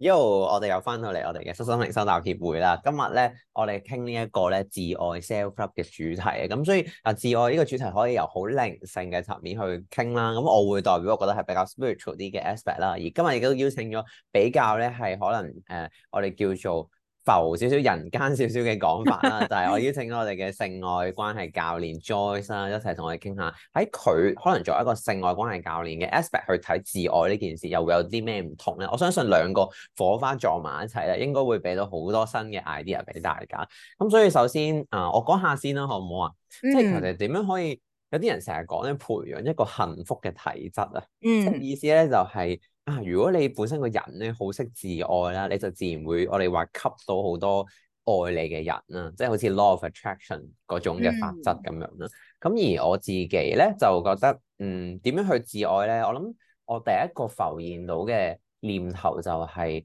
因為我哋又翻到嚟我哋嘅身心靈修習協會啦，今日咧我哋傾呢一個咧自愛 self club 嘅主題，咁所以啊自愛呢個主題可以由好靈性嘅層面去傾啦，咁我會代表我覺得係比較 spiritual 啲嘅 aspect 啦，而今日亦都邀請咗比較咧係可能誒、呃、我哋叫做，浮少少人間少少嘅講法啦， 就係我邀請到我哋嘅性愛關係教練 Joyce 啦，一齊同我哋傾下。喺佢可能作為一個性愛關係教練嘅 aspect 去睇自愛呢件事，又會有啲咩唔同咧？我相信兩個火花撞埋一齊咧，應該會俾到好多新嘅 idea 俾大家。咁所以首先啊，我講下先啦，好唔好啊？即係、嗯、其實點樣可以有啲人成日講咧，培養一個幸福嘅體質啊，即、嗯、意思咧就係、是。如果你本身個人咧好識自愛啦，你就自然會我哋話吸到好多愛你嘅人啦，即係好似 law of attraction 嗰種嘅法則咁樣啦。咁、嗯、而我自己咧就覺得，嗯，點樣去自愛咧？我諗我第一個浮現到嘅念頭就係、係、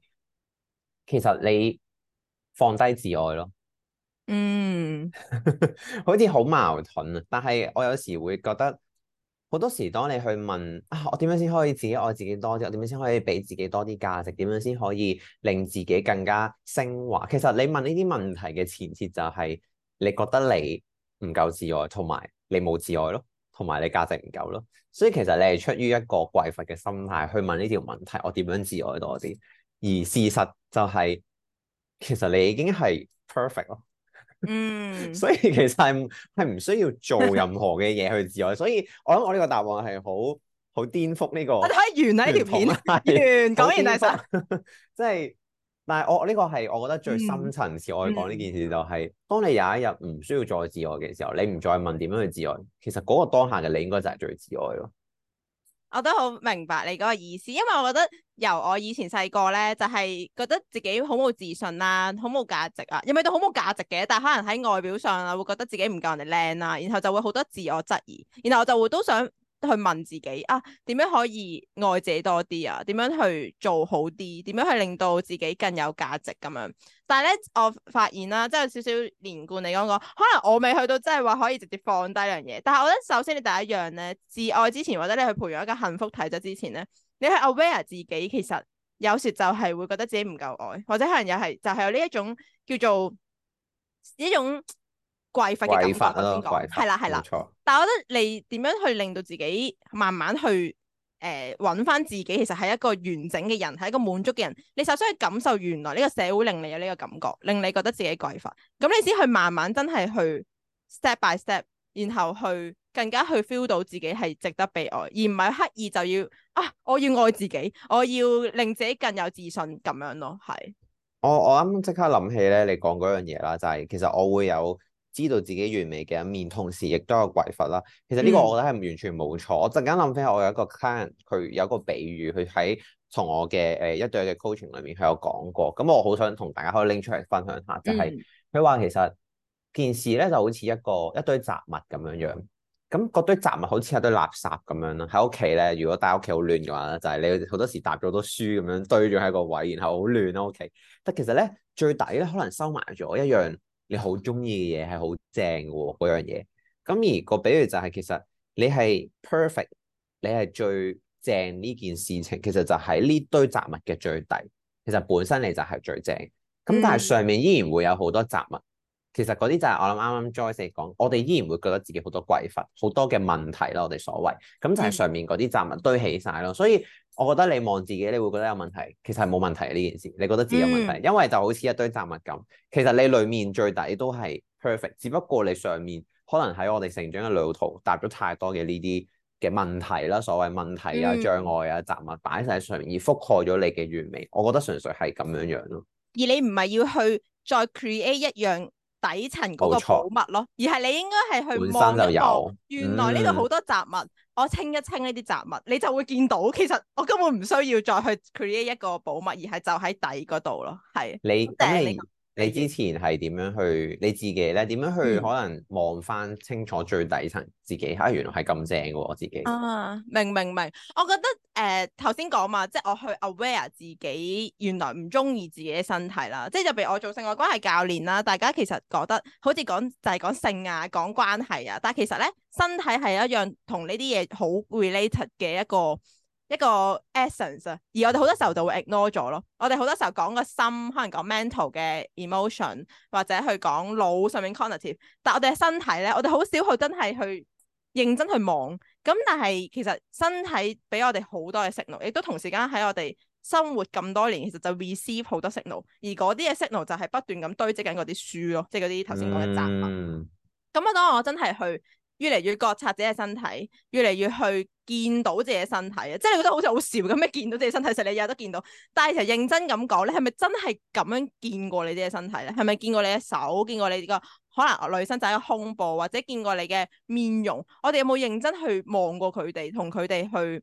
其實你放低自愛咯。嗯， 好似好矛盾啊，但係我有時會覺得。好多時，當你去問啊，我點樣先可以自己愛自己多啲？我點樣先可以俾自己多啲價值？點樣先可以令自己更加升華？其實你問呢啲問題嘅前設就係你覺得你唔夠自愛，同埋你冇自愛咯，同埋你價值唔夠咯。所以其實你係出於一個匱乏嘅心態去問呢條問題：我點樣自愛多啲？而事實就係、是，其實你已經係 perfect 咯。嗯， 所以其實係係唔需要做任何嘅嘢去自愛， 所以我諗我呢個答案係好好顛覆呢個。睇完呢條片， 是完講完第十，即係， 但係我我呢、這個係我覺得最深層次我去講呢件事就係、是，嗯、當你有一日唔需要再自愛嘅時候，你唔再問點樣去自愛，其實嗰個當下嘅你應該就係最自愛咯。我都好明白你嗰個意思，因為我覺得由我以前細個咧，就係、是、覺得自己好冇自信啦、啊，好冇價值啊，有冇都好冇價值嘅，但係可能喺外表上啊，會覺得自己唔夠人哋靚啦，然後就會好多自我質疑，然後我就會都想。去問自己啊，點樣可以愛自己多啲啊？點樣去做好啲？點樣去令到自己更有價值咁樣？但係咧，我發現啦，即係有少少連貫嚟講講，可能我未去到即係話可以直接放低一樣嘢。但係我覺得首先你第一樣咧，自愛之前或者你去培養一個幸福體質之前咧，你去 aware 自己其實有時就係會覺得自己唔夠愛，或者可能又係就係有呢一種叫做呢一種。匱乏嘅感覺係啦，係啦，但係我覺得你點樣去令到自己慢慢去誒，揾、呃、翻自己，其實係一個完整嘅人，係一個滿足嘅人。你首先去感受原來呢個社會令你有呢個感覺，令你覺得自己匱乏。咁你先去慢慢真係去 step by step，然後去更加去 feel 到自己係值得被愛，而唔係刻意就要啊，我要愛自己，我要令自己更有自信咁樣咯。係，我我啱即刻諗起咧，你講嗰樣嘢啦，就係、是、其實我會有。知道自己完美嘅一面，同時亦都有違法啦。其實呢個我覺得係完全冇錯。嗯、我陣間諗翻，我有一個 client，佢有一個比喻，佢喺同我嘅誒、呃、一對一嘅 coaching 裏面，佢有講過。咁我好想同大家可以拎出嚟分享下，就係佢話其實件事咧就好似一個一堆雜物咁樣樣。咁嗰堆雜物好似係堆垃圾咁樣啦。喺屋企咧，如果帶屋企好亂嘅話咧，就係、是、你好多時搭咗好多書咁樣堆咗喺個位，然後好亂咯屋企。Okay? 但其實咧，最底咧可能收埋咗一樣。你好中意嘅嘢係好正嘅喎、啊，嗰樣嘢。咁而個比喻就係、是、其實你係 perfect，你係最正呢件事情，其實就係呢堆雜物嘅最底。其實本身你就係最正，咁但係上面依然會有好多雜物。其實嗰啲就係我諗啱啱 Joyce 講，我哋依然會覺得自己好多匱乏，好多嘅問題咯。我哋所謂咁就係上面嗰啲雜物堆起晒咯。嗯、所以我覺得你望自己，你會覺得有問題，其實係冇問題呢件事。你覺得自己有問題，嗯、因為就好似一堆雜物咁。其實你裡面最底都係 perfect，只不過你上面可能喺我哋成長嘅旅途搭咗太多嘅呢啲嘅問題啦，所謂問題啊、障礙啊、雜物擺、啊、晒上面、嗯、而覆蓋咗你嘅完美。我覺得純粹係咁樣樣咯。而你唔係要去再 create 一樣。底層嗰個寶物咯，而係你應該係去望一望，原來呢度好多雜物，嗯、我清一清呢啲雜物，你就會見到，其實我根本唔需要再去 create 一個寶物，而係就喺底嗰度咯，係。你你之前係點樣去你自己咧？點樣去可能望翻清楚最底層自己？嚇，原來係咁正嘅我自己啊！明明明，我覺得誒頭先講嘛，即係我去 aware 自己原來唔中意自己嘅身體啦。即係就譬如我做性愛關係教練啦，大家其實覺得好似講就係、是、講性啊，講關係啊，但係其實咧身體係一樣同呢啲嘢好 related 嘅一個。一個 essence 啊，而我哋好多時候就會 ignore 咗咯。我哋好多時候講個心，可能講 mental 嘅 emotion，或者去講腦上面 cognitive，但我哋嘅身體咧，我哋好少去真係去認真去望。咁但係其實身體俾我哋好多嘅 signal，亦都同時間喺我哋生活咁多年，其實就 receive 好多 signal。而嗰啲嘅 signal 就係不斷咁堆積緊嗰啲書咯，即係嗰啲頭先講嘅雜物。咁啊、嗯，當我真係去。越嚟越覺察自己嘅身體，越嚟越去見到自己嘅身體啊！即係你覺得好似好笑咁，咩見到自己身體？其實你有得見到，但係其實認真咁講咧，係咪真係咁樣見過你啲嘅身體咧？係咪見過你嘅手？見過你個可能女生仔嘅胸部，或者見過你嘅面容？我哋有冇認真去望過佢哋，同佢哋去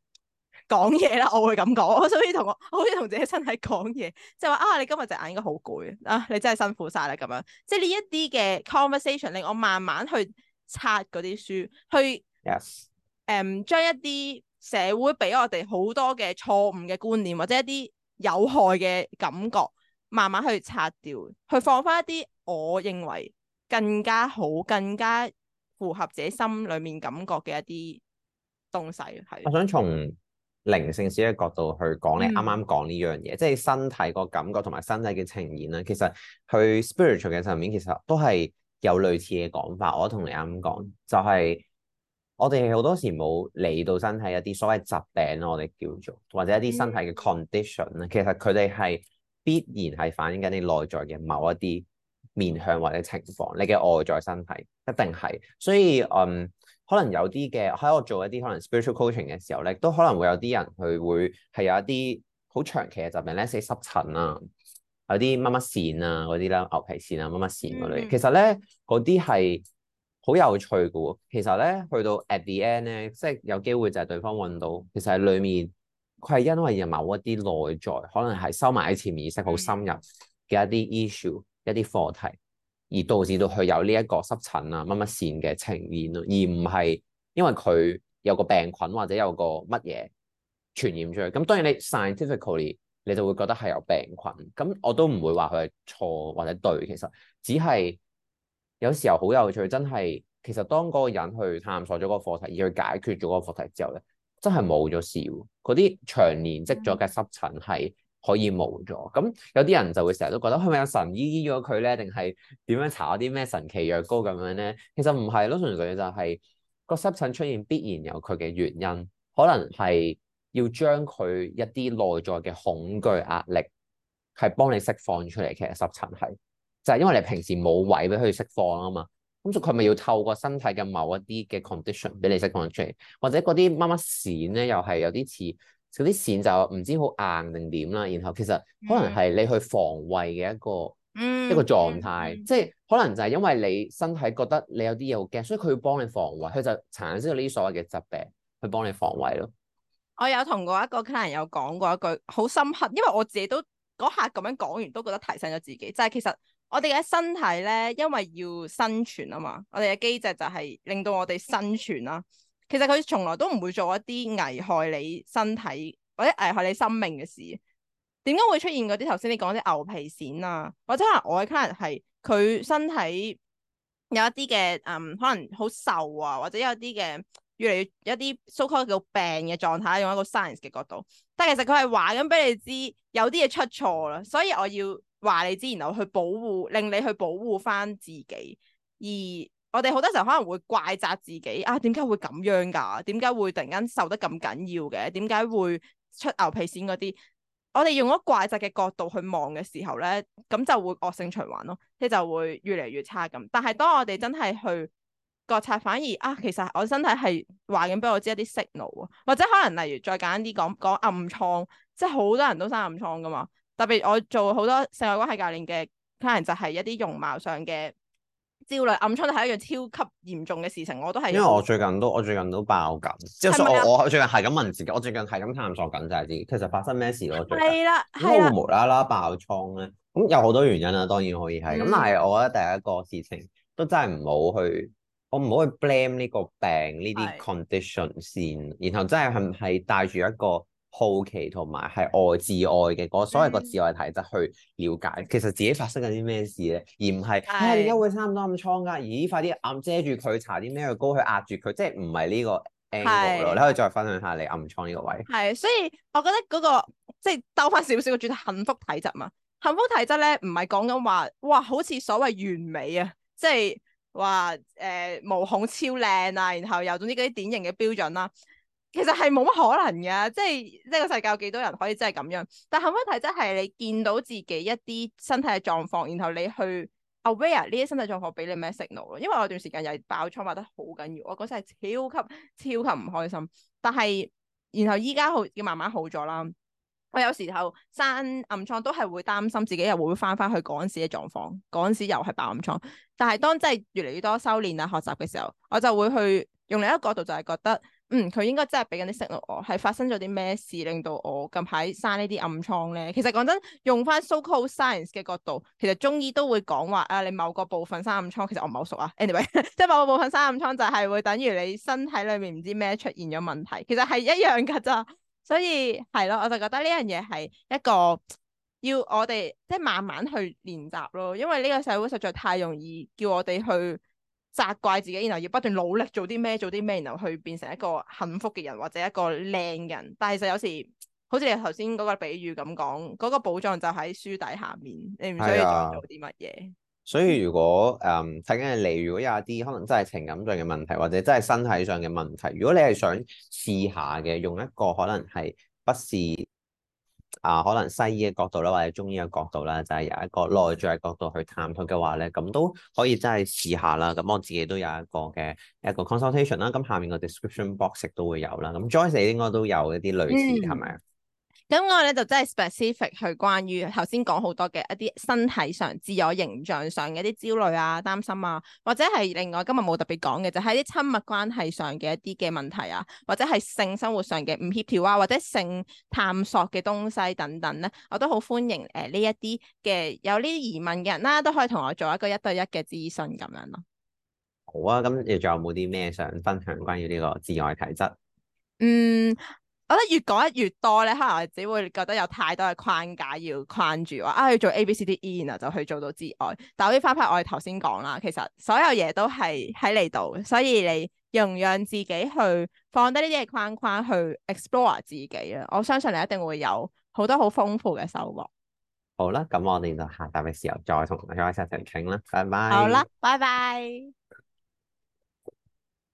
講嘢啦？我會咁講，我可以同我，我可以同自己身體講嘢，就話、是、啊，你今日隻眼應該好攰啊，你真係辛苦晒啦咁樣。即係呢一啲嘅 conversation 令我慢慢去。拆嗰啲書去，誒將 Yes. 一啲社會俾我哋好多嘅錯誤嘅觀念或者一啲有害嘅感覺，慢慢去拆掉，去放翻一啲我認為更加好、更加符合自己心裡面感覺嘅一啲東西。係，我想從靈性嘅角度去講咧，你啱啱講呢樣嘢，嗯、即係身體個感覺同埋身體嘅呈現咧，其實去 spiritual 嘅上面其實都係。有類似嘅講法，我同你啱講，就係、是、我哋好多時冇理到身體一啲所謂疾病，我哋叫做或者一啲身體嘅 condition 咧，其實佢哋係必然係反映緊你內在嘅某一啲面向或者情況，你嘅外在身體一定係。所以嗯，可能有啲嘅喺我做一啲可能 spiritual coaching 嘅時候咧，都可能會有啲人佢會係有一啲好長期嘅疾病咧，例如濕疹啊。有啲乜乜線啊，嗰啲啦，牛皮線啊，乜乜線嗰、啊、類，其實咧嗰啲係好有趣嘅喎。其實咧去到 at the end 咧，即係有機會就係對方揾到，其實喺裡面佢係因為有某一啲內在，可能係收埋喺潛意識好深入嘅一啲 issue、一啲課題，而導致到佢有呢一個濕疹啊、乜乜線嘅呈現咯，而唔係因為佢有個病菌或者有個乜嘢傳染出去。咁當然你 scientifically 你就會覺得係有病菌，咁我都唔會話佢係錯或者對，其實只係有時候好有趣，真係其實當嗰個人去探索咗個課題，而去解決咗個課題之後咧，真係冇咗事。嗰啲長年積咗嘅濕疹係可以冇咗。咁有啲人就會成日都覺得係咪有神醫醫咗佢咧？定係點樣搽啲咩神奇藥膏咁樣咧？其實唔係咯，純粹就係個濕疹出現必然有佢嘅原因，可能係，要將佢一啲內在嘅恐懼壓力係幫你釋放出嚟，其實濕疹係就係、是、因為你平時冇位俾佢釋放啊嘛，咁佢咪要透過身體嘅某一啲嘅 condition 俾你釋放出嚟，或者嗰啲乜乜線咧又係有啲似嗰啲線就唔知好硬定點啦，然後其實可能係你去防衛嘅一個、mm hmm. 一個狀態，mm hmm. 即係可能就係因為你身體覺得你有啲嘢好驚，所以佢要幫你防衛，佢就產生咗呢啲所謂嘅疾病去幫你防衛咯。我有同過一個客人有講過一句好深刻，因為我自己都嗰下咁樣講完都覺得提醒咗自己，就係、是、其實我哋嘅身體咧，因為要生存啊嘛，我哋嘅機制就係令到我哋生存啦、啊。其實佢從來都唔會做一啲危害你身體或者危害你生命嘅事。點解會出現嗰啲頭先你講啲牛皮癬啊，或者可能我嘅客人係佢身體有一啲嘅嗯，可能好瘦啊，或者有啲嘅。越嚟越一啲 so called 病嘅狀態，用一個 science 嘅角度，但係其實佢係話緊俾你知有啲嘢出錯啦，所以我要話你知，然後去保護，令你去保護翻自己。而我哋好多時候可能會怪責自己啊，點解會咁樣噶？點解會突然間瘦得咁緊要嘅？點解會出牛皮癬嗰啲？我哋用咗怪責嘅角度去望嘅時候咧，咁就會惡性循環咯，你就會越嚟越差咁。但係當我哋真係去，覺察反而啊，其實我身體係話緊俾我知一啲 signal 或者可能例如再簡單啲講講暗瘡，即係好多人都生暗瘡噶嘛。特別我做好多性愛關係教練嘅可能就係一啲容貌上嘅焦慮，暗瘡都係一樣超級嚴重嘅事情。我都係因為我最近都我最近都，我最近都爆緊，即係嗎我我最近係咁問自己，我最近係咁探索緊就係自己，其實發生咩事咯？係啦，係啦，因為無啦啦爆瘡咧，咁有好多原因啦，啊。當然可以係咁，嗯、但係我覺得第一個事情都真係唔好去。我唔好去 blame 呢個病呢啲 condition 先，是然後真係係係帶住一個好奇同埋係愛自愛嘅嗰、那個、所謂個自愛體質去了解，是其實自己發生緊啲咩事咧，而唔係點解會生咁多暗瘡㗎？咦，快啲暗遮住佢，搽啲咩膏去壓住佢，即係唔係呢個 angle。是你可以再分享下你暗瘡呢個位。係，所以我覺得嗰、那個即係鬥翻少少嘅主題，幸福體質嘛。幸福體質咧，唔係講緊話哇，好似所謂完美啊，即係。哇誒、呃、毛孔超靚啊，然後又總之嗰啲典型嘅標準啦，其實係冇乜可能嘅，即係呢、呢個世界有幾多人可以真係咁樣？但係問題真係你見到自己一啲身體嘅狀況，然後你去 aware 呢啲身體狀況俾你咩信號咯？因為我段時間又爆瘡，爆得好緊要，我嗰陣係超級超級唔開心，但係然後依家好要慢慢好咗啦。我有時候生暗瘡都係會擔心自己又會翻翻去嗰陣時嘅狀況，嗰陣時又係爆暗瘡。但係當真越嚟越多修練啊、學習嘅時候，我就會去用另一個角度，就係覺得嗯，佢應該真係俾緊啲 signal 我係發生咗啲咩事，令到我近排生呢啲暗瘡咧。其實講真，用翻 so called science 嘅角度，其實中醫都會講話啊，你某個部分生暗瘡，其實我唔係好熟啊。anyway，即 係某個部分生暗瘡就係會等於你身體裏面唔知咩出現咗問題，其實係一樣㗎咋。所以係咯，我就覺得呢樣嘢係一個要我哋即係慢慢去練習咯，因為呢個社會實在太容易叫我哋去責怪自己，然後要不斷努力做啲咩做啲咩，然後去變成一個幸福嘅人或者一個靚人。但係就有時好似你頭先嗰個比喻咁講，嗰個寶藏就喺書底下面，你唔需要做啲乜嘢。所以如果誒睇緊你嚟，如果有一啲可能真係情感上嘅問題，或者真係身體上嘅問題，如果你係想試下嘅，用一個可能係不是啊、呃，可能西醫嘅角度啦，或者中醫嘅角度啦，就係、是、有一個內在嘅角度去探討嘅話咧，咁都可以真係試下啦。咁我自己都有一個嘅一個 consultation 啦，咁下面個 description box 都會有啦，咁 Joyce 應該都有一啲類似係咪啊？嗯咁我咧就真係 specific 去關於頭先講好多嘅一啲身體上、自我形象上嘅一啲焦慮啊、擔心啊，或者係另外今日冇特別講嘅就喺啲親密關係上嘅一啲嘅問題啊，或者係性生活上嘅唔協調啊，或者性探索嘅東西等等咧，我都好歡迎誒呢一啲嘅有呢啲疑問嘅人啦、啊，都可以同我做一個一對一嘅諮詢咁樣咯。好啊，咁你仲有冇啲咩想分享關於呢個自愛體質？嗯。我覺得越講得越多咧，可能只會覺得有太多嘅框架要框住，話啊要做 A B C D E 然，啊就去做到自愛。但係我啲花牌，我哋頭先講啦，其實所有嘢都係喺你度，所以你容讓自己去放低呢啲嘅框框去 explore 自己啊！我相信你一定會有很多很豐、好多好豐富嘅收穫。好啦，咁我哋就下集嘅時候再同大家一齊傾啦。拜拜。好啦，拜拜。